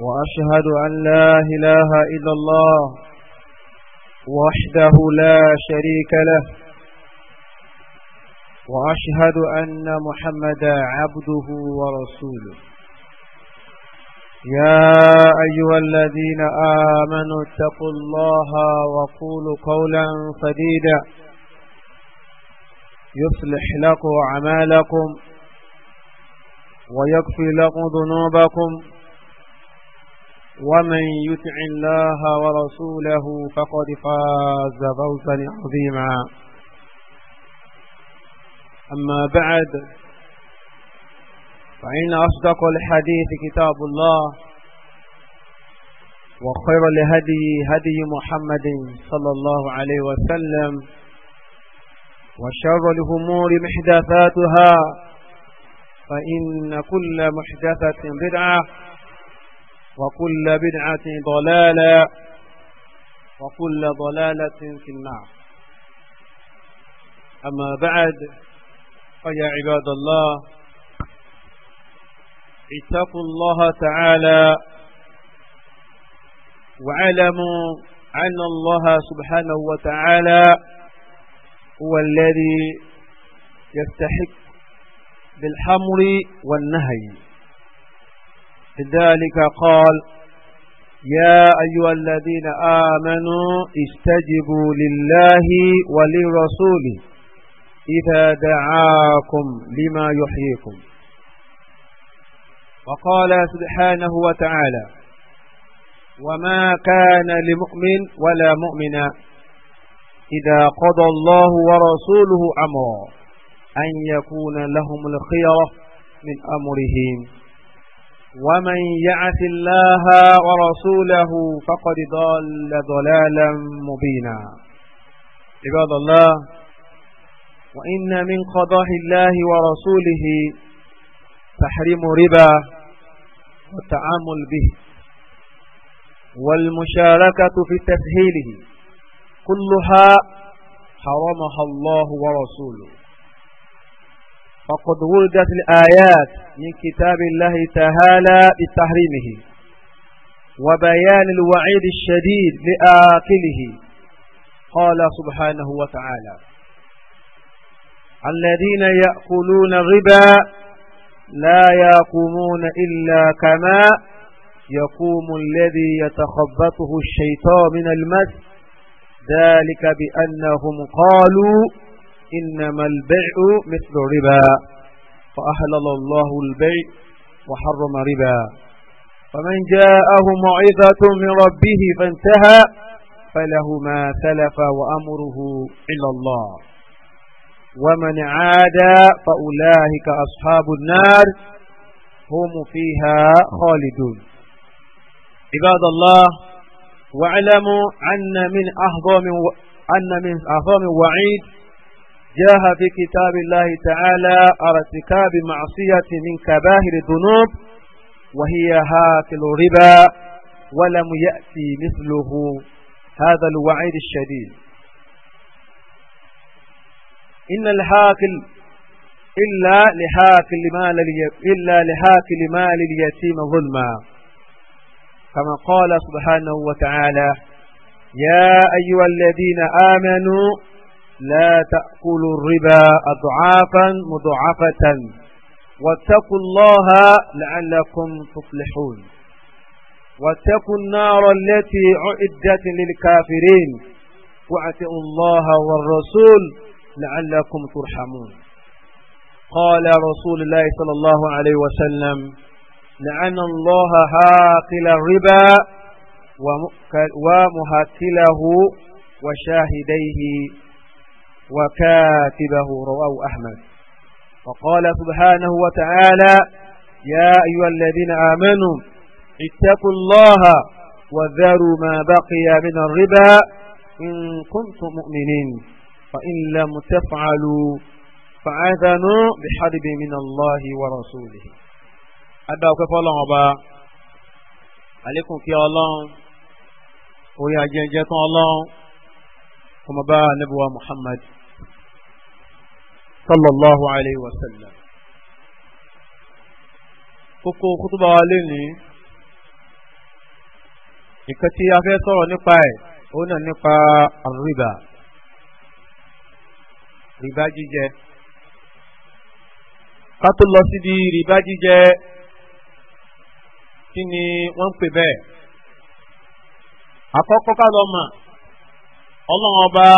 وأشهد أن لا إله إلا الله وحده لا شريك له وأشهد أن محمدا عبده ورسوله يا أيها الذين آمنوا اتقوا الله وقولوا قولا سديدا يصلح لكم أعمالكم ويكفي لكم ذنوبكم ومن يطع الله ورسوله فقد فاز فوزا عظيما أما بعد فإن أصدق الحديث كتاب الله وخير الهدي هدي محمد صلى الله عليه وسلم وشر الأمور محدثاتها فإن كل محدثة بدعة وكل بدعة ضلالة وكل ضلالة في النار أما بعد فيا عباد الله اتقوا الله تعالى واعلموا أن الله سبحانه وتعالى هو الذي يستحق بالحمر والنهي ذلك قال يا أيها الذين آمنوا استجبوا لله وللرسول إذا دعاكم لما يحييكم وقال سبحانه وتعالى وما كان لمؤمن ولا مؤمن إذا قضى الله ورسوله أمرا أن يكون لهم الخيرة من أمرهم ومن يعث الله ورسوله فقد ضل ضلالا مبينا عباد الله وإن من قضاء الله ورسوله تحريم ربا والتعامل به والمشاركة في تسهيله كلها حرمها الله ورسوله وقد وردت الآيات من كتاب الله تعالى بتحريمه وبيان الوعيد الشديد لآكله قال سبحانه وتعالى الذين يأكلون الربا لا يقومون إلا كما يقوم الذي يتخبطه الشيطان من المس ذلك بأنهم قالوا إنما البيع مثل ربا فأحلل الله البيع وحرم ربا فمن جاءه موعظة من ربه فانتهى فله ما سلف وأمره إلى الله ومن عاد فأولئك أصحاب النار هم فيها خالدون عباد الله واعلموا أن من أعظم أن من أعظم وعيد جاء في كتاب الله تعالى ارتكاب معصية من كباهر الذنوب وهي هاكل الربا ولم يأتي مثله هذا الوعيد الشديد إن الهاكل إلا لهاكل مال إلا لهاكل مال اليتيم ظلما كما قال سبحانه وتعالى يا أيها الذين آمنوا لا تأكلوا الربا أضعافا مضعفة واتقوا الله لعلكم تفلحون واتقوا النار التي أعدت للكافرين واعتقوا الله والرسول لعلكم ترحمون قال رسول الله صلى الله عليه وسلم لعن الله هاقل الربا ومهاكله وشاهديه وكاتبه رواه أحمد وقال سبحانه وتعالى يا أيها الذين آمنوا اتقوا الله وذروا ما بقي من الربا إن كنتم مؤمنين فإن لم تفعلوا فعذنوا بحرب من الله ورسوله أدعو كفى الله أبا عليكم كي الله ويا جنجة الله ومبا نبوى محمد صلى الله عليه وسلم. kókó kútúbà wa lé ní nǹkan tí a fẹ́ sọ̀rọ̀ nípa ẹ̀ ó nà nípa àríbà rìbá jíjẹ ká tó lọ síbi rìbá jíjẹ kí ni wọ́n ń pè bẹ́ẹ̀ àkọ́kọ́ ká lọ mà ọlọ́run ọba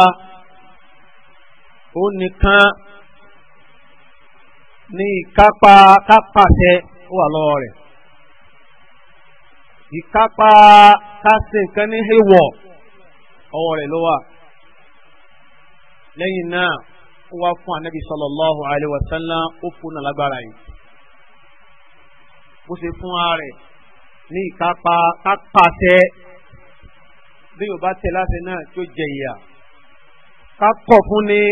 ó nìkan ní ìkápá kápàṣẹ ó wà lọ́wọ́ rẹ̀ ìkápá kásì nǹkan ní hewọ̀ ló wà náà ó wá fún anabi sallallahu alaihi wasallam ó fún náà lágbára yìí ṣe fún ní ìkápá bí yóò bá láti náà tó jẹ ká fún ni.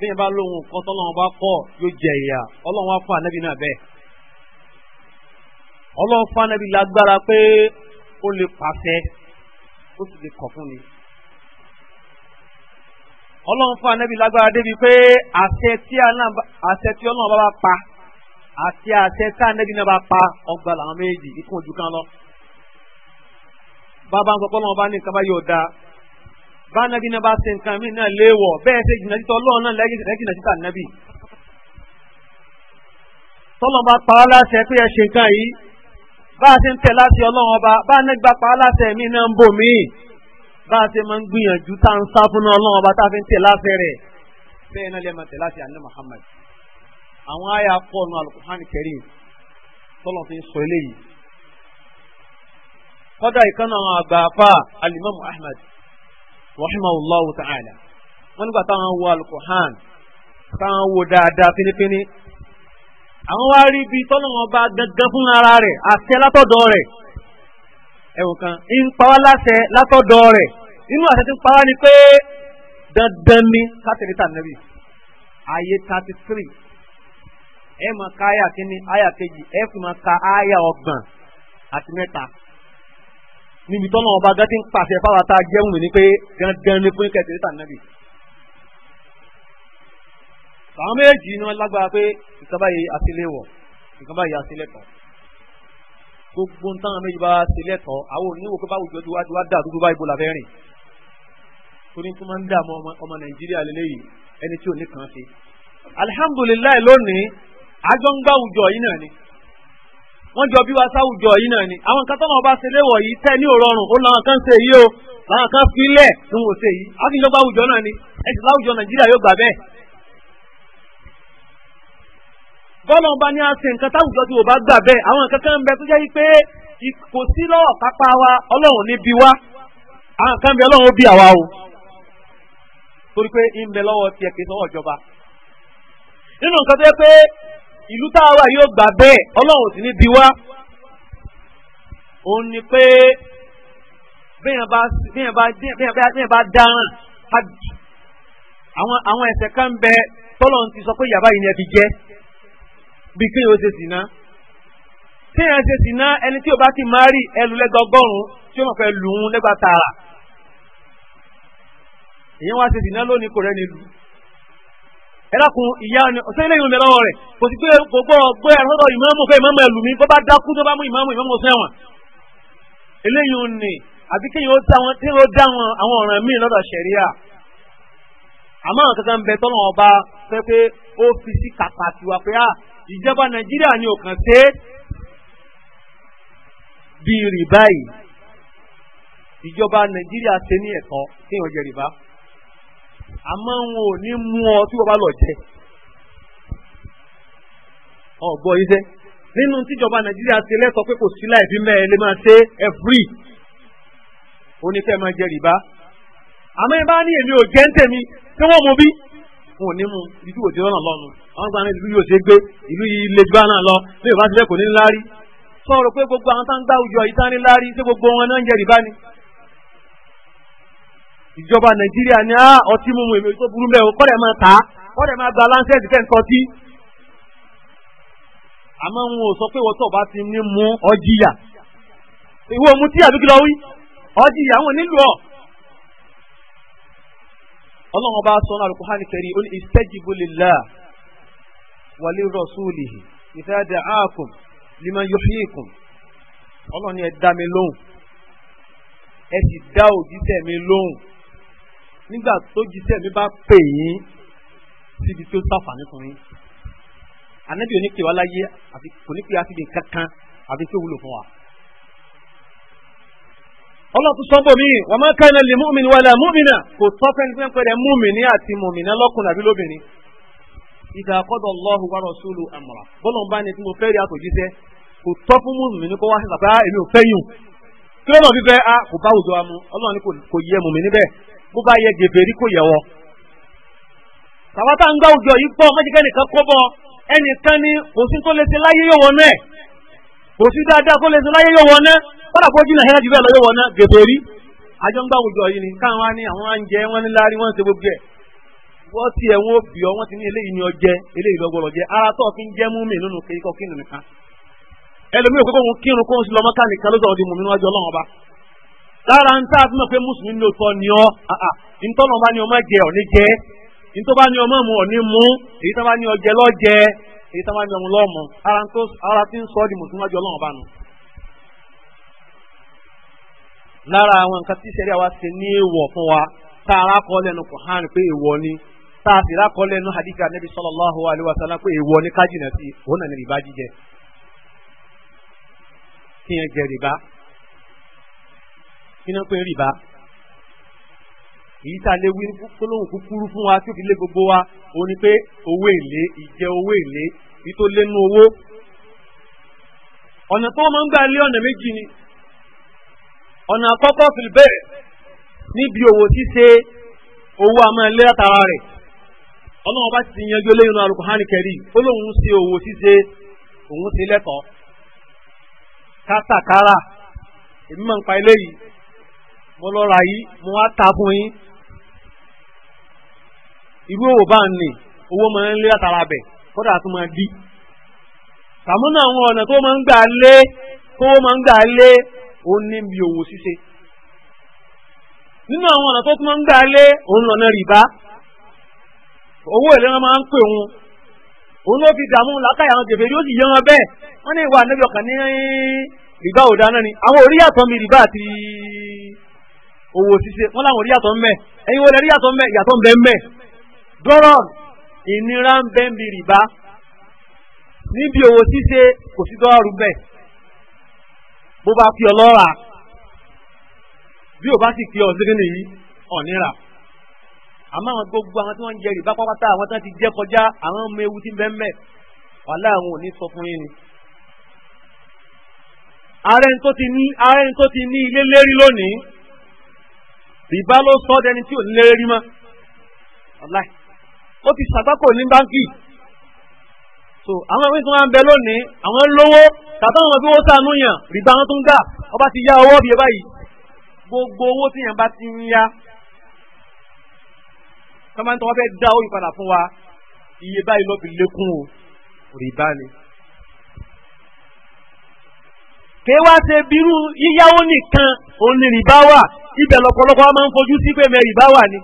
bí yẹn bá lóhun kan tọ́lọ́wọ́n bá kọ́ yóò jẹ ìyà ọlọ́run wá fún ànábì náà bẹ́ẹ̀ ọlọ́run fún ànábì lágbára pé ó lè pàṣẹ ó sì lè kọ̀ fún ni ọlọ́run fún ànábì lágbára débi pé àṣẹ tí ọlọ́run bá bá pa àti àṣẹ tá ànábì náà bá pa ọgbà làwọn méjì ikú ojú kan lọ bàbá ń sọ pé ọlọ́run bá ní nǹkan bá yóò dáa. bá nàbí náà bá ṣe nǹkan míì náà léèwọ̀ bẹ́ẹ̀ ṣe jìnnà títọ́ ọlọ́run náà títà tọ́lọ́ bá pa á láṣẹ pé ẹ ṣe a ṣe ń tẹ̀ láti ọlọ́run ọba bá a pa á láṣẹ a ṣe máa ń gbìyànjú tá sá fún fi ń tẹ̀ rahimahullahu ta'ala wọ́n nígbà táwọn wo alukuhan táwọn wo dáadáa pínnípínní àwọn wá rí ibi tọ́nà wọn bá gangan fún ara rẹ̀ àṣẹ látọ̀dọ̀ rẹ̀ ẹ̀wọ̀n kan ń pawá láṣẹ látọ̀dọ̀ rẹ̀ inú àṣẹ ti ń pawá ni pé dandan ni kátìrì tànàbì ayé thirty three ẹ̀ máa ka ayà kínní ayà kejì ẹ̀ fi máa ka ayà ọgbọ̀n àti mẹ́ta níbi tọ́lọ́ ọba gán ti ń pàṣẹ fáwọn tá a jẹ́wùn ní pé gangan ni fún kẹ̀tẹ̀ níta nàbì. àwọn méjì ni wọ́n lágbára pé ìkàbá yìí àtìlẹ́wọ̀ ìkàbá yìí àtìlẹ́tọ̀ gbogbo táwọn méjì bá tìlẹ́tọ̀ àwọn oníwò pé báwo jọ diwájú wá dà dúdú bá ibo làbẹ́ rìn torí tó máa ń dààmú ọmọ nàìjíríà lélẹ́yìí ẹni tí ò ní kàn án ṣe. alihamudulilayi lónìí àjọ ń gbáwùjọ yìí náà ni. wọ́n jọ bí wá sáwùjọ yìí náà ni àwọn kan tọ́nà ọba ṣẹlẹ̀wọ̀ yìí tẹ́ ní òrọ̀rùn ó làwọn kan ṣe o làwọn kan fi lẹ̀ ní wò ṣe yìí á fi náà ni ẹ̀sìn láwùjọ nàìjíríà yóò gbà bẹ́ẹ̀. bọ́lá ọba ní nǹkan táwùjọ tí wò gbà bẹ́ẹ̀ àwọn nǹkan kan bẹ tó ìlú táwa yóò gbà bẹ́ẹ̀ ọlọ́run sì ní bí wá òun ni pé bẹ́ẹ̀ bá bẹ́ẹ̀ bá bẹ́ẹ̀ bá dáràn hajj àwọn àwọn ẹ̀ṣẹ̀ kan ń bẹ tọ́lọ̀ ń ti sọ pé yàrá yìí ni ẹ fi jẹ́ bí kéèyàn ó ṣe sì ná kéèyàn ṣe sì ná ẹni tí o bá ti máa rí ẹlú lẹ́gbàá ọgọ́rùn-ún tí ó mọ̀ fẹ́ lù ú lẹ́gbàá tààrà èyí wá ṣe sì ná lónìí kò rẹ́ni lù ú ẹlẹ́kùn ìyá ni ọ̀sẹ̀ ilé ìlúmi lọ́wọ́ rẹ̀ kò sí pé gbogbo ọgbẹ́ ẹ̀rọ́dọ̀ ìmáàmù fẹ́ ìmáàmù ẹ̀lùmí bó bá dákú tó bá mú ìmáàmù ìmáàmù sẹ́wọ̀n eléyìí ni àbí kéèyàn ó dá wọn tí ó dá wọn àwọn ọ̀ràn míì lọ́dọ̀ ṣẹ̀ríà àmọ́ àwọn kankan bẹ tọ́lọ́ ọba fẹ́ pé ó fi sí kàkà tiwa pé à ìjọba nàìjíríà ni òkàn ṣe bí rìbá yìí ìjọba nàìjíríà ṣe ní ẹ̀tọ́ kéèyàn jẹ rìbá àmọ́ wọn ò ní mú ọ tí wọ́n bá lọ jẹ. ọ̀gbọ́n yìí sẹ́ nínú tíjọba nàìjíríà ṣe lẹ́sọ pé kò sí láìpí mẹ́rin lè máa ṣe é free oníkẹ́ máa jẹ rìbá àmọ́ ẹ bá ní èmi ò jẹ́ ń tèmi tí wọ́n mú bí wọn ò ní mu ìlú òde lọ́nà lọ́nu àwọn gba ní ìlú yóò ṣe gbé ìlú yìí lè gbá náà lọ bí ìbá kò ní láárí sọ̀rọ̀ pé gbogbo àwọn tá ń gbá òjò yìí tá ní láárí ṣé gbogbo wọn náà ń jẹ rìbá ni ìjọba nàìjíríà ní á ah, ọtí mímu èmi tó burú mẹ́rin kọ́ dẹ̀ máa tà á kọ́ dẹ̀ máa gba láńsẹ̀sì fẹ́ ọtí. àmọ́ sọ pé wọ́n tó bá ti ní mú ọjìyà ìwé òmu tí àbíkí lọ wí ọjìyà wọn nílùú ọ. ọlọ́run bá sọ ó ní ọlọ́run dá mi lóhùn ẹ sì dá òjíṣẹ́ mi lóhùn nígbà tó jíṣẹ́ mi bá pè yín síbi tí ó sàfàní fún yín ànábì oníkè wa láyé àfi kò ní pè á síbi kankan àfi tí ó wúlò fún wa. ọlọ́tún sọ́bọ̀ mi wọ́n máa ká iná lè múmi wàlẹ̀ múmìnà kò tọ́ fẹ́ni fẹ́ pẹ́rẹ́ múmìnì àti múmìnà lọ́kùnrin àbí lóbìnrin. ìdá àkọ́dọ̀ Allahu wa rasulu amra bọ́lọ̀ ń bá ní tí mo fẹ́ rí àtòjíṣẹ́ kò tọ́ fún múmìnì kó wá sí bàbá ah, èmi ò fẹ́ yùn kí ló náà fífẹ́ a ah, kò bá àwùjọ wa mu ọlọ́run ni kò yẹ múmìnì bẹ́ẹ̀ bó bá yẹ gèbèrí kò yẹ wọ. tàbátà ń gbá òjò yìí gbọ́ mẹ́jẹ̀kẹ́ nìkan kó bọ́ ẹnìkan ni kò sí tó lè ṣe láyé yóò wọná ẹ̀ kò sí dáadáa tó lè ṣe láyé yóò wọná kọ́dà kó jìnnà hẹ́rẹ́ jù bẹ́ẹ̀ lọ yóò wọná gèbèrí. àjọ ń gbá òjò ni káwọn á ní àwọn á ń jẹ wọn ti ẹ̀ wọ́n bì ọ́ wọ́n ti ní eléyìí ni ara tó fi lára ń tá a fi mọ̀ pé mùsùlùmí ní òótọ́ ni ọ́ ah, ah. ntọ́nà bá ní ọmọ jẹ ọ̀ní jẹ bá ní ọmọ mu ọ̀ní èyí tó bá ní èyí bá ní ọmọ lọ́mọ ara tó ara ti ń sọ di mùsùlùmí ọjọ́ ọlọ́run nù. lára àwọn nǹkan tí sẹ́rí àwa ṣe ní fún wa tá a rákọ́ lẹ́nu Kùránì pé èèwọ̀ ni tá a sì rákọ́ lẹ́nu hadith pé kí náà pé rìbá èyí tá a wí gbólóhùn kúkúrú fún wa tó fi lé gbogbo wa ó ní pé owó èlé ìjẹ owó èlé èyí tó lé nú owó ọ̀nà tó máa ń gbà lé ọ̀nà ni ọ̀nà àkọ́kọ́ níbi òwò ṣíṣe owó rẹ̀ ọlọ́run bá ti yanjú lẹ́yìn náà kẹrì ṣe òwò mo lọ ra yìí mo wá ta fún yín irú òwò bá ń nì owó máa ń lé látara bẹ̀ kódà tó máa di sàmúnà àwọn ọ̀nà tó máa ń gbà lé tó máa ń gbà lé ó ní bí òwò ṣíṣe nínú àwọn ọ̀nà tó tún máa ń gbà lé òun lọ́nà owó ìlera máa ń pè wọn òun ló fi dààmú làákàyà àwọn sì yẹ wọn ní ìwà ní rìbá ni owó ṣíṣe wọn làwọn rí yàtọ̀ mbẹ ẹ̀yin wọlé rí yàtọ̀ mbẹ yàtọ̀ mbẹ mbẹ dọ́rọ̀ ìnira ń bẹ níbi rìbá níbi owó ṣíṣe kò sí dọ́rọ̀ mbẹ bó bá fi ọlọ́ra bí o bá sì fi ọ̀sẹ̀kẹ́ nìyí ọ̀nira àmọ́ àwọn gbogbo àwọn tí wọ́n ń jẹ rìbá pápátá àwọn tí wọ́n ti jẹ́ kọjá àwọn ọmọ ewu ti bẹ́ẹ̀ mẹ́ wàhálà àwọn ò sọ fún yín ni ààrẹ tó ti ní ilé lérí lónìí rìbá ló sọ ọ́ dẹni tí ò nílé rí mọ́ ọ̀la ó ti ṣàkókò ní báńkì so àwọn ìwé tí wọ́n ń bẹ lónìí àwọn lówó tàbí àwọn tí wọ́n sànú yàn rìbá wọn tó ń gà ọba ti yá owó bíi báyìí gbogbo owó tí yàn bá ti ń yá sọ́mọ́ tí wọ́n fẹ́ dá owó ìpadà fún wa iye báyìí ló fi lékún o rìbá ni. kéwàá ṣe bírú yíyáwó nìkan òun ni rìbá wà ibẹ̀ lọ́pọ̀lọpọ̀ a máa ń fojú sí pé mẹ́rin bá wà ní.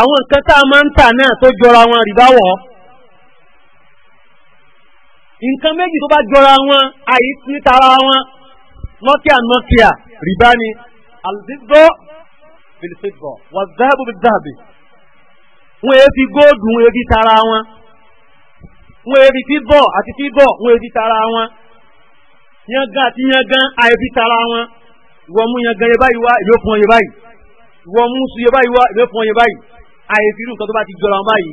àwọn nǹkan tá a máa ń tà náà tó jọra wọn rìbá wọ̀ ọ́. nǹkan méjì tó bá jọra wọn àyè nítara wọn nọ́kíà nọ́kíà rìbá ni alìsígbọ́ bìlìsígbọ́ wà záàbù bí záàbì. wọ́n èé fi góòdù wọ́n èé fi tara wọn. wọ́n èé fi fíbọ̀ àti fíbọ̀ wọ́n èé fi tara wọn. yangan àti yangan àyè fi tara wọn ìwọ mú yan gan yẹn báyìí wá èmi ò fún ọ yẹn báyìí ìwọ mú su yẹn báyìí wá èmi ò fún ọ yẹn báyìí àyè fi irú nǹkan tó bá ti jọra wọn báyìí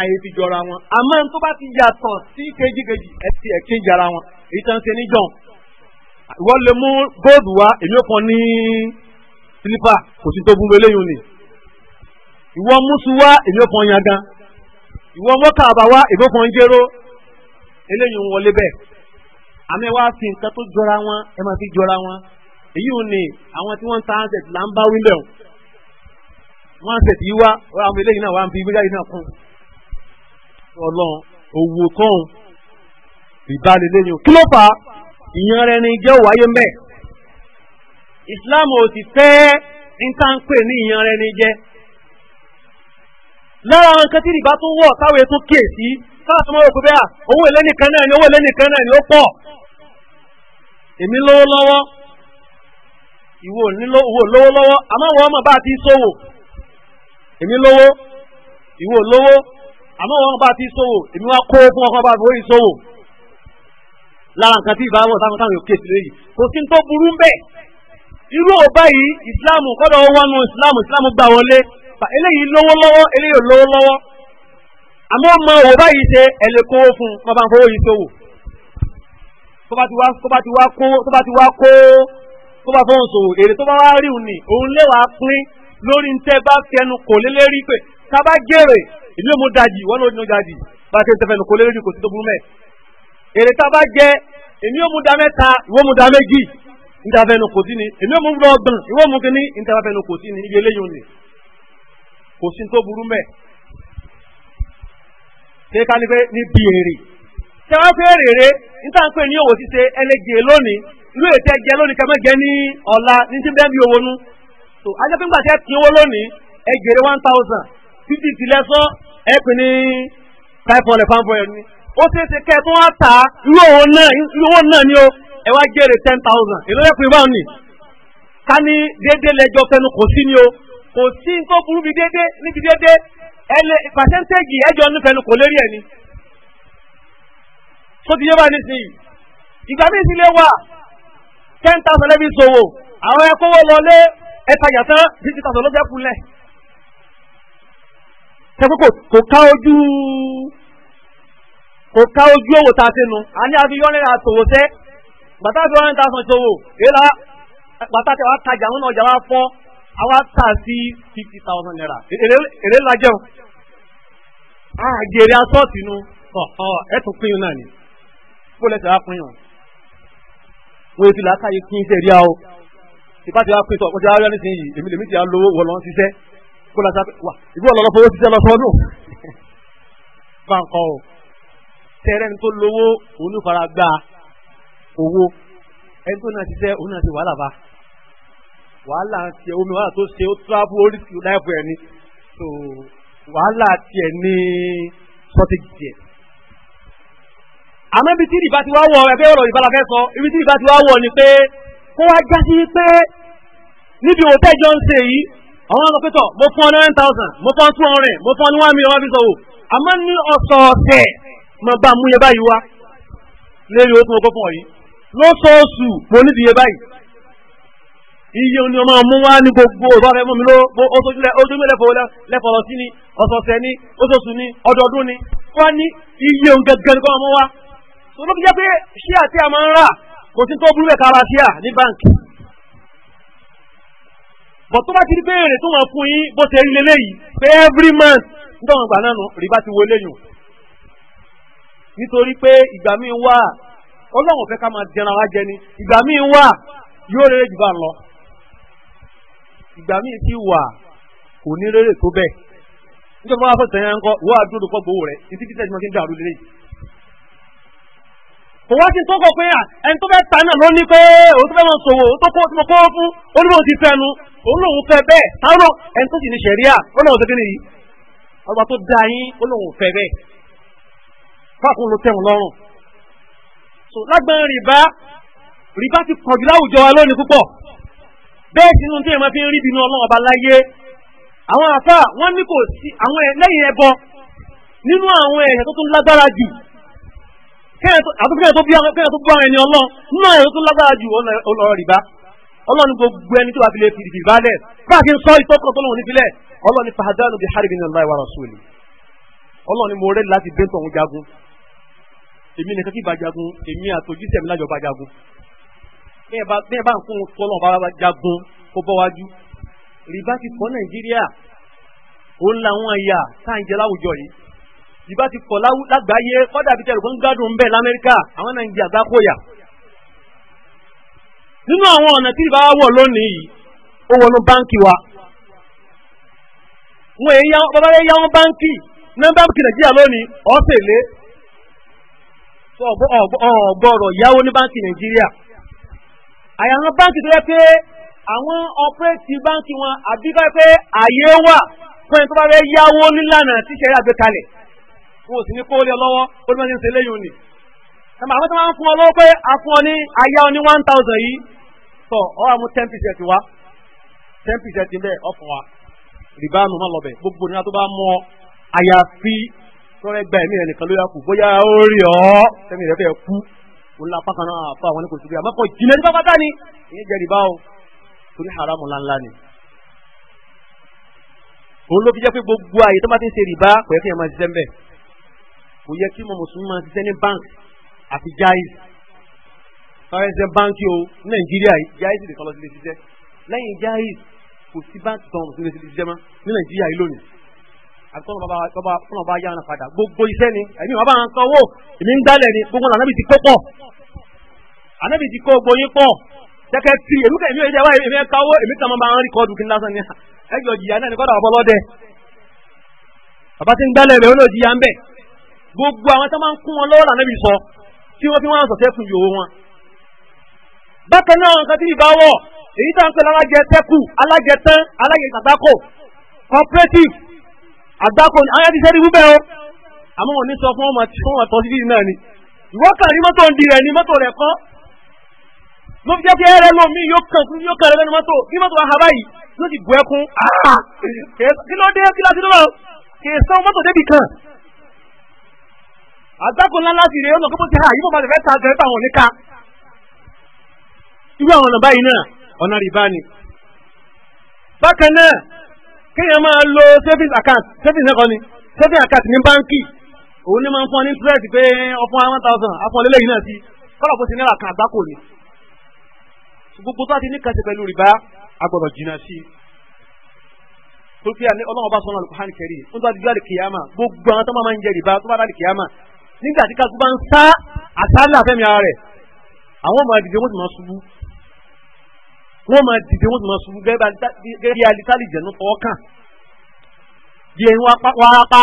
àyè fi jọra wọn àmọ́ tó bá ti yàtọ̀ sí kejìkejì ẹtì ẹ̀kí jara wọn èyí ṣe ní jọ̀n ìwọ lè mú góòdù wá èmi ò fún ọ ní sílípà kò sí tó bú mi ni ìwọ mú su wá èmi ò fún ọ yan gan ìwọ mọ́kà àbá wá èmi ò fún ọ jéró eléyìí ń wọlé bẹ́ẹ̀ àmì wá fi nǹkan tó jọra wọn ẹ máa fi jọra wọn èyí ò ní àwọn tí wọ́n ń ta handset là ń bá wíńdẹ̀ o wọ́n handset yìí wá ọ̀rọ̀ àwọn eléyìí náà wà ń fi gbéjáde náà kún ọlọ́run òwò kan ìbálẹ̀ lẹ́yìn kí ló fà á ìyẹn rẹ ni jẹ́ òwáyé mẹ́ Islam ò sì fẹ́ ntánkpé ní ìyẹn rẹ ni jẹ́ lára àwọn nǹkan tí ìdìbò tó wọ̀ táwọn ètò kíyèsí káàtó máa wò pé bẹ́ẹ̀ owó ìlẹ́nìkan náà ni owó ìlẹ́nìkan náà ni ó pọ̀ èmi lówó lọ́wọ́ ìwọ nílò owó lówó lọ́wọ́ àmọ́ wọ́n mọ̀ bá a ti sówò èmi lówó ìwọ lówó àmọ́ wọ́n mọ̀ bá a ti sówò èmi wá kó fún ọkọ̀ bá a fòrí sówò lára nǹkan tí ìbáwọ̀ táwọn táwọn yòókè sí léyìí kò sí tó burú ń bẹ̀ irú ọba yìí ìsìláàmù kọ́dọ̀ wọn nu ìsìláàmù ìsìláàmù gbà wọlé eléyìí lówó lọ́wọ́ eléyìí lówó lọ́wọ́ àmọ́ ọmọ òwò báyìí ṣe ẹ̀lẹ́ kówó fún un wọ́n bá ń fowó yìí sówò tó bá ti wá kó tó bá fọwọ́n sòwò èrè tó bá wá rí òun ni òun léwà pín lórí ń tẹ́ bá fẹnu kò lé lérí pé tá a bá gèrè ìlú èmo dajì wọn ló ní o dajì bá a ti ń tẹ́ fẹnu kò lé lérí kò sí tó burú mẹ́. èrè tá a bá jẹ èmi ò mú da mẹ́ta ìwọ mú da méjì ń tẹ́ fẹnu kò sí ni èmi ò mú lọ gbọ̀n ìwọ mú kíní ń tẹ́ fẹnu kò sí ni ibi eléyìí ni kò sí tó burú mẹ́. ṣé ká ní pé níbi èrè tẹ́wọ́n fẹ́ rèrè ní irú ètò ẹjẹ lónìí kẹmẹ jẹ ní ọ̀la ní ti bẹ́ẹ̀ bí owó nu tó ajẹ́pẹ́ ńgbà tẹ́ pín owó lónìí one thousand fifty ti lẹ́sán ẹ pè ní five hundred pound for ó ṣeé ṣe tó wá ta irú owó náà irú owó náà ni o ẹ wá ni ká ní ni o kò sí nǹkan burú níbi nífẹ̀ẹ́ ni ti yé ìgbà ten thousand lẹ́bi ṣòwò àwọn ẹ̀kọ́wọ́ lọlé ẹ̀tajà tán fifty thousand ló fẹ́ kulẹ̀. Ṣẹ́kọ́ kò ká ojú kò ká ojú òwò tá a ti nu a ní àfi yọ́nrẹ́ àtòwò sẹ́ bàtà fi one thousand ṣòwò èèlà bàtà tí wàá tajà àwọn ọjà wàá fọ́ àwa tà sí fifty thousand naira èrè lajẹun àgèrè asọ́ọ̀tì nu ẹ̀ tún pín in náà ni kó lẹ́sẹ̀ wá pín in wọn èfi làákàyè pín iṣẹ́ rí a o ìpá ti wá pín tọ̀ ọ̀pọ̀jọ́ aráyá nísìnyí èmi lèmi ti à ń lówó wọ̀ lọ́n ṣiṣẹ́ kó lọ́n ṣàpè wà ìbí wọ̀ lọ́n fowó ṣiṣẹ́ lọ sọ́dún bá ń kọ́ o tẹ́rẹ́ ni tó lówó onífaragbá owó ẹni tó náà ṣiṣẹ́ òun náà ti wàhálà bá wàhálà ti omi wàhálà tó ṣe ó tíráfù oríṣi láìpẹ́ ẹ̀ ni so wàhálà tiẹ̀ ní sọ́tẹ́jì tiẹ̀ àmọ́ ibi tí ìbá ti wá wọ̀ ẹgbẹ́ ọ̀rọ̀ ìbá la fẹ́ sọ ibi tí ìbá ti wá wọ̀ ni pé kó wá já sí pé níbi òtẹ́ jọ ń ṣe yìí àwọn ọmọ pẹ́tọ̀ mo fún ọ ní one thousand mo fún ọ two hundred mo fún ọ ní one million wọ́n fi sọ̀wọ́ àmọ́ ní ọ̀sọ̀ọ̀sẹ̀ mo bá mú yẹ báyìí wá lérí oṣù mo kó fún ọ yìí lóṣooṣù mo níbi yẹ báyìí iye ni ọmọ mú wá ní gbogbo ọ̀dọ́ rẹ mú mi ló ojúmọ́ lẹ́fọ̀ọ́ lẹ́fọ̀ọ́ sí ni ọ̀sọ̀ọ̀sẹ̀ ni oṣooṣù ni ọdọọdún ni wọ́n ní iye òun gẹ́gẹ́ ni kọ́ ọmọ wá tó ló fi jẹ́ pé ṣíà tí a máa ń rà kò sí tó burú ẹ̀ka ara ṣíà ní báǹkì bọ̀ tó bá ti rí béèrè tó wọn fún yín bó ṣe rí lélẹ́yìí pé every month ń dọ̀wọ̀n gbà náà nù rí bá ti wo eléyìí nítorí pé ìgbà míì wà ọlọ́run fẹ́ ká máa jẹun ara jẹ ni ìgbà míì wà yóò rere jù bá ń lọ ìgbà míì ti wà kò ní rere tó bẹ́ẹ̀ nítorí wọn bá fọ́ sẹ́yìn ẹ̀ńkọ́ wọ́n á dúró kọ́ gbowó rẹ̀ títí títẹ̀ tí kò wá sí sọ́kọ̀ pé ẹni tó fẹ́ ta náà ló ní pé òun tó fẹ́ máa sòwò tó kó tó kó fún olóòwò ti fẹnu olóòwò fẹ́ bẹ́ẹ̀ táwọn ẹni tó sì ní sẹ̀ríà olóòwò tó kéde yìí ọba tó da yín olóòwò fẹ́ bẹ́ẹ̀ fáfún ló tẹ̀wọ̀n lọ́rùn. so lágbọ́n rìbá rìbá ti pọ̀jù láwùjọ wa lónìí púpọ̀ bẹ́ẹ̀ sì nínú tí èèyàn fi ń rí ìbínú ọlọ́run ọba láyé àwọn àfà wọ́n ní àtúnkẹ́ tó bí ara ẹni ọlọ́run nínú ẹ̀rọ tó lágbára jù ọlọ́rọ̀ rìbá ọlọ́run gbogbo ẹni tó wà fílẹ̀ fìdí rìbá lẹ̀ bá a kì í sọ ìtọ́kọ̀ tó lòun nífilẹ̀ ọlọ́run fàdánù bí haribi ní aláìwá rasúlì ọlọ́run mo rẹ́ láti bẹ́ntọ̀ òun jagun èmi nìkan kí bá jagun èmi àtòjíṣẹ́ mi lájọ bá jagun bẹ́ẹ̀ bá ń fún tọ́lọ̀ bá jagun kó bọ́ wájú rìbá ti fọ́ Nàìjíríà òun làwọn ẹ̀yà táà ń jẹ láwùjọ yìí ìbá ti pọ̀ lágbàáyé kọ́dà bíi tẹ̀lé fún gbádùn bẹ́ẹ̀ lamẹ́ríkà àwọn nàìjíríà gbá kóyà. nínú àwọn ọ̀nà tí ìbá wọ̀ lónìí yìí ó wọnú báńkì wa. wọn èyí bàbá rẹ yá wọn báńkì náà báńkì nàìjíríà lónìí ọ̀sẹ̀lẹ̀ ọ̀gbọ̀rọ̀ yáwó ní báńkì nàìjíríà. àyàwọn báńkì tó yẹ pé àwọn ọ̀pẹ́ẹ̀tì báńkì wọn àbí bá pé àyè wà fún ẹni tó bá rẹ yáwó wọn ò sì ní kó lé ọ lọ́wọ́ ó ní wọ́n ti ń ṣe léyìn òní. ẹ̀mọ àwọn tó máa ń fún ọ lọ́wọ́ pé a fún ọ ní aya ọ ní one thousand yìí tọ̀ ọ wà mú ten percent wá ten percent bẹ́ẹ̀ ọ fún wa rìbá nù má lọ́bẹ̀ gbogbo nínú tó bá mọ àyàfi tọ́rẹ́ gba ẹ̀mí rẹ̀ nìkan ló yà kù bóyá ó rí ọ́ tẹ́mi rẹ̀ fẹ́ kú ó la pákan náà fún àwọn oníkòtò bí àmọ́kọ̀ jìnnà nípa pátá ni ìyẹn jẹ rìbá o torí haramu ńláńlá ni òun ló fi jẹ́ pé gbogbo àyè tó bá ti ń ṣe rìbá kò yẹ kí ẹ máa ṣiṣẹ́ ń kò yẹ kí mo mùsùlùmí máa ṣiṣẹ́ ní báńkì àti jáìz sáré ṣe báńkì o ní nàìjíríà jáìz lè kọ́ lọ sílé ṣiṣẹ́ lẹ́yìn jáìz kò sí báńkì tó mùsùlùmí sílé ṣiṣẹ́ mọ́ ní nàìjíríà yìí lónìí àti tọ́nà bàbá tọ́ba fúnà bá yára padà gbogbo iṣẹ́ ni ẹ̀mí bàbá ń sanwó èmi ń dálẹ̀ ni gbogbo ànábì ti kó pọ̀ ànábì ti kó gboyin pọ̀ jẹ́kẹ́ tí èmi kẹ́ èmi ò jẹ́ wá èmi ẹ̀ka owó èmi kàn máa ń rí kọ́ọ̀dù kí n lásán ni ẹ̀jọ̀ jìyà náà ni kọ́dà ọ̀bọ lọ́dẹ bàbá ti ń dálẹ̀ rẹ̀ ó lò jìyà ń bẹ̀ gbogbo àwọn tó máa ń kún wọn lọ́wọ́ lànàbì sọ tí wọ́n fi wọ́n sọ̀tẹ́ fún yòó wọn. bákan náà nǹkan tí ìbá wọ̀ èyí tá à ń pè alájẹ tẹ́kù alájẹ tán alájẹ àdákò cooperative àdákò ni àwọn ẹ̀díṣẹ́ ribú bẹ́ẹ̀ o àmọ́ wọn ní sọ fún ọmọ tí wọ́n tọ́ sí náà ni ìwọ́ kàn rí mọ́tò ń di rẹ̀ ni mọ́tò rẹ̀ kọ́ ló fi jẹ́ pé ẹ̀rẹ́ lómi yóò kàn fún yóò kàn rẹ̀ lẹ́nu mọ́tò bí mọ́tò wa ha báyìí ah! ló ti bu ẹkún kí ló kì í sán mọ́tò débì kan àtàkùn ńlá láti rè ọ̀nà kọ́kọ́ ti ha yìí mo máa fẹ́ ta àgbẹ̀ táwọn níka. irú àwọn ọ̀nà báyìí náà ọ̀nà rìbá ni. bákan náà kéèyàn máa lo savings account savings náà kọ́ ni savings account ní báńkì òun ní máa ń fún ọ ní interest pé ọfún one thousand afọlélẹ́ yìí náà sí kọ́lọ̀ kó ti náírà kan àgbákò ni. gbogbo tó a ti ní kàṣẹ pẹ̀lú rìbá a gbọ́dọ̀ jìnnà sí i tó fi àní ọlọ́run bá sọ́nà nígbà tí kálukú bá ń sá àsálà fẹ́mi ara rẹ̀ àwọn máa dìde wọ́n sì máa ṣubú wọ́n máa dìde wọ́n sì máa ṣubú gẹ́gẹ́ bí alisali jẹ̀nu fọwọ́ kàn bí ẹni wárápá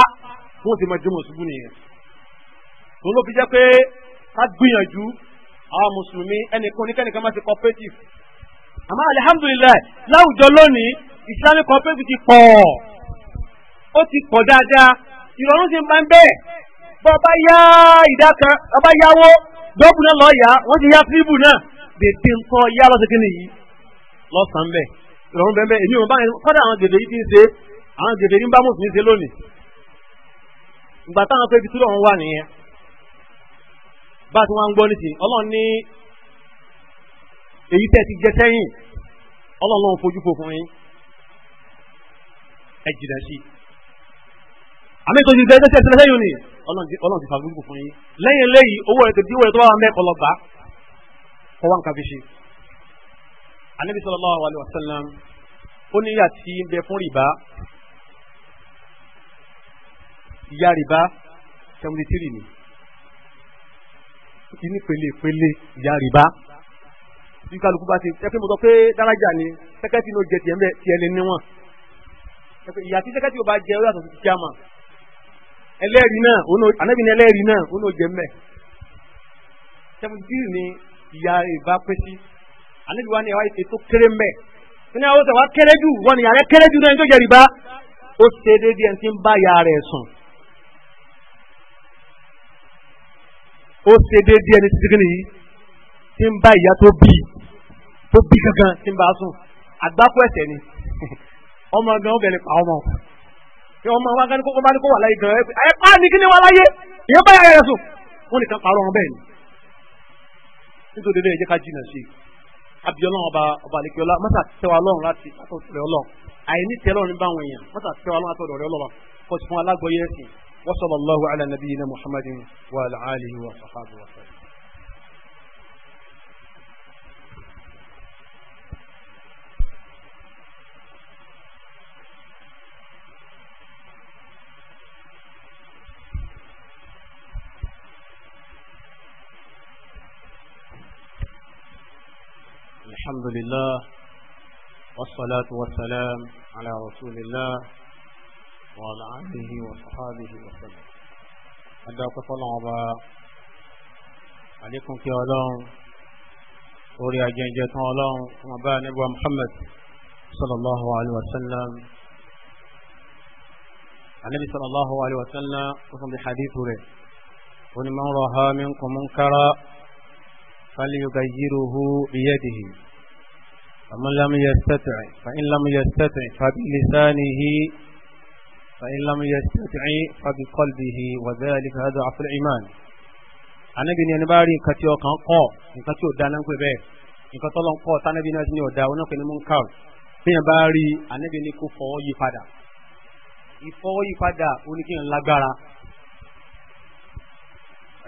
wọ́n sì máa dìde wọ́n ṣubú nìyẹn. tó ló fi jẹ́ pé ká gbìyànjú àwọn mùsùlùmí ẹnìkan oníkẹ́nìkan máa ti cooperative àmọ́ alihamudulilayi láwùjọ lónìí islamic cooperative ti pọ̀ ó ti pọ̀ dáadáa ìrọ̀rùn ti máa ń bẹ́ẹ̀. bọ́ọ̀bá yá ìdá kan bọ́ọ̀bá yáwó dọ́ọ̀bù náà lọ́ọ̀yá wọ́n ti yá tíríbù náà dèdè ńkọ́ yá lọ́sẹ̀ kí nìyí lọ́sàn-án bẹ̀ ìrọ̀rùn bẹ́ẹ̀ èmi ò bá yẹn kọ́dà àwọn gèdè yìí ti ń ṣe àwọn yìí ń bá mùsùlùmí ṣe lónìí ìgbà táwọn pé ibi wà nìyẹn bá a ti wá ń gbọ́ nísìnyí ọlọ́run ní èyí àmì tó ti bẹ́ẹ̀ tẹ́sẹ̀ lẹ́yìn ni ọlọ́run ti fà gbogbo fún yín lẹ́yìn eléyìí owó rẹ̀ tó dín owó rẹ̀ tó wà mẹ́kọ̀ọ́ lọ kọ́ wá nǹkan fi ṣe. anabi sallallahu alaihi wasallam ó ní ìyà tí ń bẹ fún rìbá ìyà rìbá seventy three ni ìní pele ìyà rìbá bí kálukú bá ti ẹ pé mo sọ pé dárájà ni sẹkẹtì ní o jẹ tiẹ̀ ń bẹ tiẹ̀ lé níwọ̀n ìyà tí sẹkẹtì ò bá jẹ ó yàtọ̀ sí kíámà ẹlẹ́rìí náà òun ànábì ní ẹlẹ́rìí náà òun ò jẹ́ mẹ́. seventeen ni ìyá ìbá pé sí ànábì wa ni ẹ̀wá ètò kéré mẹ́. nínú àwọn ọ̀sẹ̀ wa kéré jù wọn ni ààrẹ kéré jù náà tó jẹ rìbá ó ṣe déédéé ẹni tí ń bá ìyá rẹ̀ sùn. ó ṣe déédéé ẹni títí kìnìyí tí ń bá ìyá tó bí tó bí gangan tí ń bá sùn àgbákò ẹ̀sẹ̀ ni ọmọ gan obìnrin pa ọmọ kí wọ́n máa wá gani kókó bá ní kó wà láyé gan ẹ pa ní kí ni wà láyé ìyẹn bá yàrá rẹ sùn wọ́n nìkan parọ́ wọn bẹ́ẹ̀ ni nítorí ẹ jẹ́ ká jìnnà sí i abiyọlọ ọba ọba àlekíọlá mọ́tà tẹ́wà lọ́rùn láti àtọ̀rẹ́ ọlọ́run àìní tẹ́lọ́run ní báwọn èèyàn mọ́tà tẹ́wà lọ́rùn àtọ̀rẹ́ ọlọ́run kọ́sùn alágbọ̀yé ẹ̀sìn wa sallallahu ala nabiyyina muhammadin wa ala alihi wa sahbihi wa sallam. الحمد لله والصلاة والسلام على رسول الله وعلى آله وصحابه وسلم أدعى كفل عبا عليكم في علام أولي أجنجة علام ومبا نبوى محمد صلى الله عليه وسلم النبي صلى الله عليه وسلم قسم بحديث له ومن رأى منكم منكرا فليغيره بيده فمن لم يستطع فإن لم يستطع فبلسانه فإن لم يستطع فبقلبه وذلك هذا ضعف الإيمان anabi ni ẹni bá rí nǹkan tí ọkàn kọ nǹkan tí ò da náà ń pè bẹ́ẹ̀ nǹkan tọ́lọ́ ń kọ́ tánàbí náà ti ní ọ̀dà òun náà pè ní munkar bí yẹn bá rí anabi ni kó fọwọ́ yí padà ìfọwọ́ yí padà oníkíyàn lágbára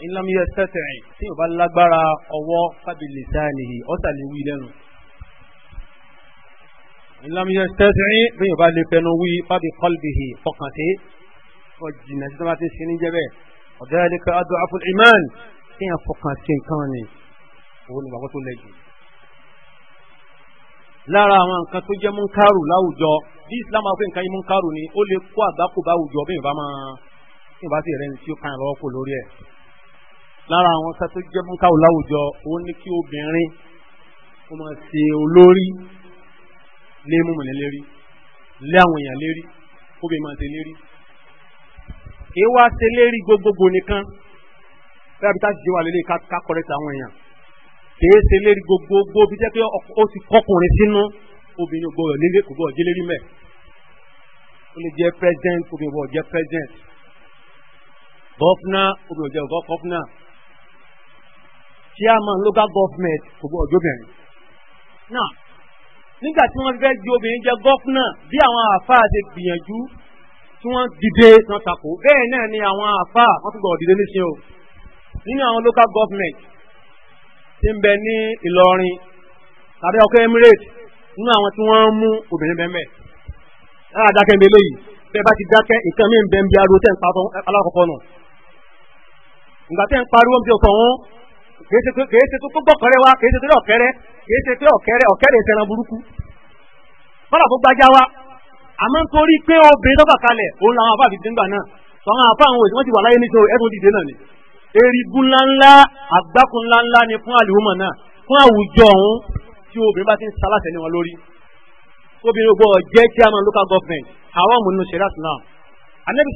in lam yastati' tí yóò bá lágbára ọwọ́ fábìlì sáà nìyí ọ̀sà lè wí lẹ́nu ìlànà tẹ́sí bí yóò bá lè fẹnu wí fábí kọ́lbìhì fọkàn sí ọ jìnnà sí tọ́mátì sí ní jẹ́bẹ̀ ọ̀dọ́ ẹni pé adùn àfún imán kí yẹn fọkàn sí nǹkan ni owó ni bàbá tó lẹ jù. lára àwọn nǹkan tó jẹ́ múnkárù láwùjọ bí islam àfẹ́ nǹkan yìí múnkárù ni ó lè kó àgbákò bá àwùjọ bí yóò bá máa bí yóò bá sì rẹ̀ ní tí ó kàn lọ́wọ́ kó lórí ẹ̀. lára àwọn nǹkan tó jẹ́ múnkárù láwùjọ lé múmùlẹ̀ lérí lé àwọn èèyàn lérí kó bẹ́ẹ̀ máa ṣe lérí. kì í wá ṣe lérí gbogbogbò nìkan bẹ́ẹ̀ bí táṣì ṣe wà lélẹ̀ ká kọ́rẹ́tì àwọn èèyàn kì í ṣe lérí gbogbogbò bí jẹ́ pé ó ti kọkùnrin sínú obìnrin ògbọ́dọ̀ lélẹ̀ kò gbọ́dọ̀ jẹ́ lérí mẹ́ ó lè jẹ́ president obìnrin ògbọ́dọ̀ jẹ́ president gọ́fúnà obìnrin òjẹ́ gọ́fúnà chairman local government kò gbọ́dọ̀ jóbìnrin náà nígbà tí wọ́n fẹ́ di obìnrin jẹ gọ́fúnà bí àwọn àfáà ṣe gbìyànjú tí wọ́n dìde tán tako bẹ́ẹ̀ náà ni àwọn àfáà wọ́n tún gbọ́dọ̀ dìde níṣẹ́ o nínú àwọn local government tí ń bẹ ní Ìlọrin tàbí ọkọ Emirates nínú àwọn tí wọ́n ń mú obìnrin bẹ́ẹ̀ bẹ́ẹ̀ lára dákẹ́ ìbẹ̀lẹ̀ yìí bẹ́ẹ̀ bá ti dákẹ́ nǹkan mí ń bẹ ń bí aró tẹ́ ń pa alákọ̀ọ́kọ́ nù ìgbà tẹ́ ń pariwo kìí ṣe tó gbọ́kọ̀rẹ́ wa kìí ṣe tó ọ̀kẹ́rẹ́ kìí ṣe tó ọ̀kẹ́rẹ́ ọ̀kẹ́rẹ́ ìṣẹ̀ràn burúkú kọ́lá tó gbájá wa àmọ́ nítorí pé obìnrin tó bà kalẹ̀ òun làwọn àbá àbíjẹ́ ńgbà náà sọ̀rọ̀ àfa àwọn òṣèwọ́n ti wà láyé nítorí ẹ̀sùn dìde náà ni erigu ńláńlá àgbákù ńláńlá ni fún àlùmọ̀ náà fún àwùjọ ọ̀hún tí obìnrin bá ti ń salásẹ̀ ní wọn lórí obìnrin government àwọn ọmọ nínú sẹ́dá islam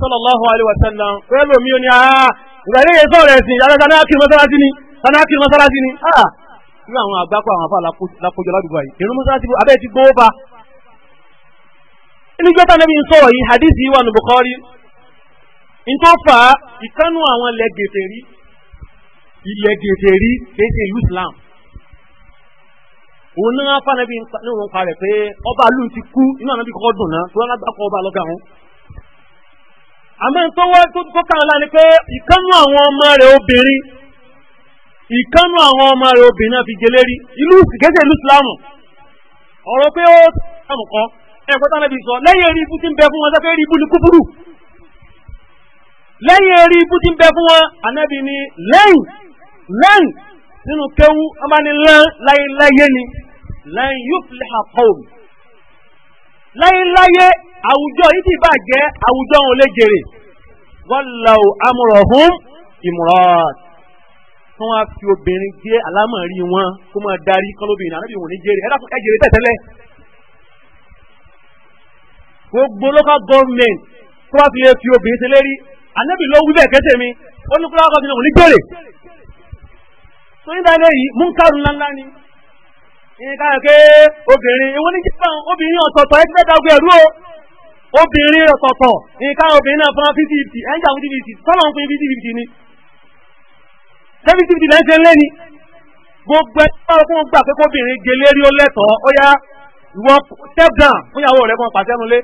sallallahu alaihi wa sallam pẹ́lú omi ò ní àá ah, ìgbà ilé yẹn sọ̀rọ̀ ẹ̀sìn ìyá sanaki masalasi ni ah irú àwọn àgbákò àwọn afa lakojọ ládùúgbò yìí èrò masalasi abẹ́ ti gbówó fa. ilé ìjọba níbi sọ̀rọ̀ yìí hadith yìí wà ní Bukhari nítorí fa àwọn ilẹ̀ rí ilẹ̀ rí kìí ṣe ìlú Islam òun náà ní òun pé ọba ti kú inú kọ́kọ́ dùn náà tó ọba wọn. àmọ́ ìtọ́wọ́ ìkánú àwọn ọmọ rẹ̀ obìnrin náà fi gelé rí ìlú gẹ́gẹ́ ìlú ìsìlámù ọ̀rọ̀ pé ó sàmù kọ́ ẹ̀kọ́ tán lẹ́bi sọ lẹ́yìn eré ibú tí ń bẹ fún wọn sáfẹ́ eré ibú ni kúkúrú lẹ́yìn eré ibú tí ń bẹ fún wọn ànábì ni lẹ́yìn lẹ́yìn nínú kéwú amánilẹ́ láyéláyé ni lẹ́yìn yóò fi lẹ́hà kọ́ọ̀mù láyéláyé àwùjọ yìí ti bàjẹ́ àwùjọ wọn lè jèrè wọ́n lọ àmúrọ̀ hùn ìmúrọ̀t kí wọ́n á fi obìnrin jẹ́ alámọ̀rí wọn kó máa darí kọ́lóbìnrin ànábì wọn ní jèrè ẹ dákun ẹ jèrè tẹ̀tẹ̀lẹ̀. gbogbo local government tó bá fi lè fi obìnrin ṣe lérí ànábì ló wí bẹ́ẹ̀ kẹ́sẹ̀ mi ó ní kúlọ́ kọ́bìnrin wọn ní jèrè. tó ní dáadé yìí mú kárùn ńláńlá ni ìyẹn káyọ̀ pé obìnrin ìwọ ní jíjẹ́ obìnrin ọ̀tọ̀ọ̀tọ̀ ẹgbẹ́ dàgbé ẹ̀rú o obìnrin ọ̀tọ̀ọ̀tọ̀ ìyẹn káyọ̀ obìnrin náà fún ni seventy fifty náà ṣe ń lé ni gbogbo ẹ báwo kó gbà pé kóbìnrin gelé rí ó lẹ́tọ̀ọ́ ó yá ìwọ step down fún ìyàwó rẹ kan pàṣẹ nulẹ̀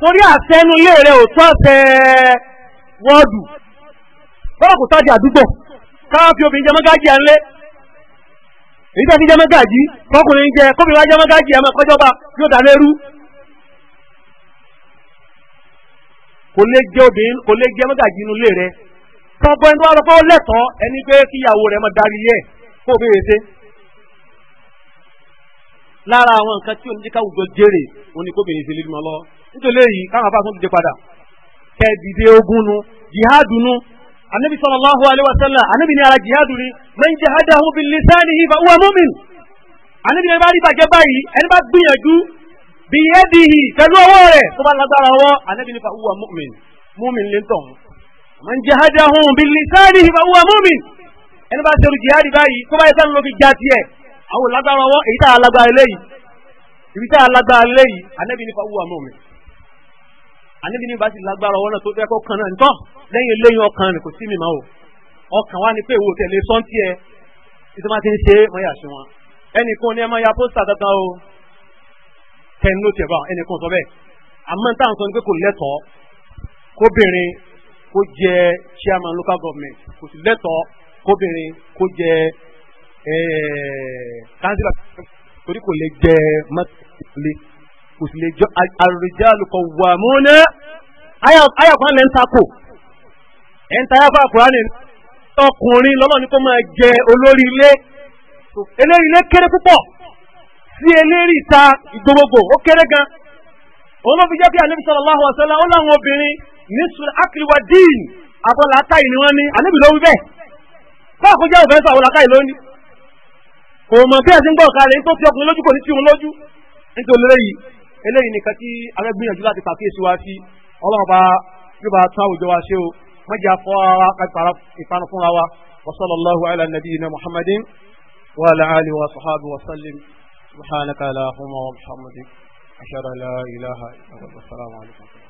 torí àṣẹnulé rẹ ò tọ́sẹ̀ wọ́ọ̀dù báwo kò tọ́jú àdúgbò káwọn fi obìnrin jẹ mọ́gájì à ń lé èyí tẹ́ fi jẹ́ mọ́gájì kọkùnrin jẹ kóbìnrin wá jẹ́ mọ́gájì ẹ̀ máa kọjọba yóò dá lérú. kò lè jẹ obìnrin kò lè jẹ mọ́gájì inú ilé rẹ tọ́gbọ́n ẹni tó wá lọ pé ó lẹ́tọ̀ọ́ ẹni pé kí ìyàwó rẹ̀ máa darí yẹ kó béèrè ṣe. lára àwọn nǹkan tí oníjẹ́ káwùjọ jèrè òun ni kó béèrè ṣe lójúmọ́ lọ nítorí èyí káwọn afáàsọ ti dé padà kẹ́ẹ̀dìdé ogun nu jihadu nu anabi sallallahu alaihi wasallam anabi ni ara jihadu ni man jahadahu bil lisanihi fa huwa mu'min anabi ni bari bàjẹ́ báyìí ẹni bá gbìyànjú bi yadihi pẹ̀lú fa huwa mu'min man jahadahum bilisanihi fa huwa mu'min ẹni bá ṣerú jihadi báyìí tó bá yẹ sẹ́nu ló fi já tiẹ̀ àwọn lágbára wọn èyí tá a lágbára léyìí ibi tá a lágbára léyìí anabi ní fa huwa mu'min anabi ní bá sì lágbára wọn náà tó fẹ́ kó kan náà ntọ́ lẹ́yìn lẹ́yìn ọkàn rẹ̀ kò sí mi máa o ọkàn wa ni pé ìwò tẹ̀lé sọ́ńtì ẹ títí máa ti ń ṣe wọ́n yà ṣe wọn ẹnìkan ní ẹ máa ya pósítà dandan o kẹ́ni ló tiẹ̀ bá ẹnìkan sọ bẹ́ẹ̀ àmọ́ táwọn sọ ni pé kò lẹ́tọ̀ọ́ kóbìnrin kó jẹ chairman local government kò sì lẹ́tọ̀ọ́ kóbìnrin kó jẹ councillor torí kò lè jẹ mọ́tòlé kò sì lè jọ ar-rijalu qawwamuna àyà kan lẹ́ ń takò ẹ̀ ń tayá fún àkùránì ọkùnrin lọ́nà ní kó máa jẹ olórí ilé eléyìí ilé kéré púpọ̀ sí eléyìí ìta ìgbogbogbò ó kéré gan òun ló fi jẹ́ pé ànábì sallallahu alaihi wasallam ó láwọn obìnrin nísùn akíliwa dín àbọ̀ làákàyè ni wọ́n ní ànábì ló wí bẹ́ẹ̀ báà kó jẹ́ òfẹ́sọ̀ àwọn làákàyè ló ní kò mọ̀ bí ẹ̀sìn gbọ́ ọ̀ka rẹ̀ nítorí tí ọkùnrin lójú kò ní tí òun lójú nítorí eléyìí eléyìí nìkan tí abẹ́ gbìyànjú láti pàkíyèsí wa sí ọlọ́run bá yóò bá tún àwùjọ wa ṣe o wọ́n jẹ́ afọ́ ara kápára ìpanu fúnra wa wa sallallahu ala nabiyyina muhammadin wa ala alihi wa sahbihi wa sallim subhanaka allahumma wa bihamdik ashhadu ilaha illa anta assalamu alaikum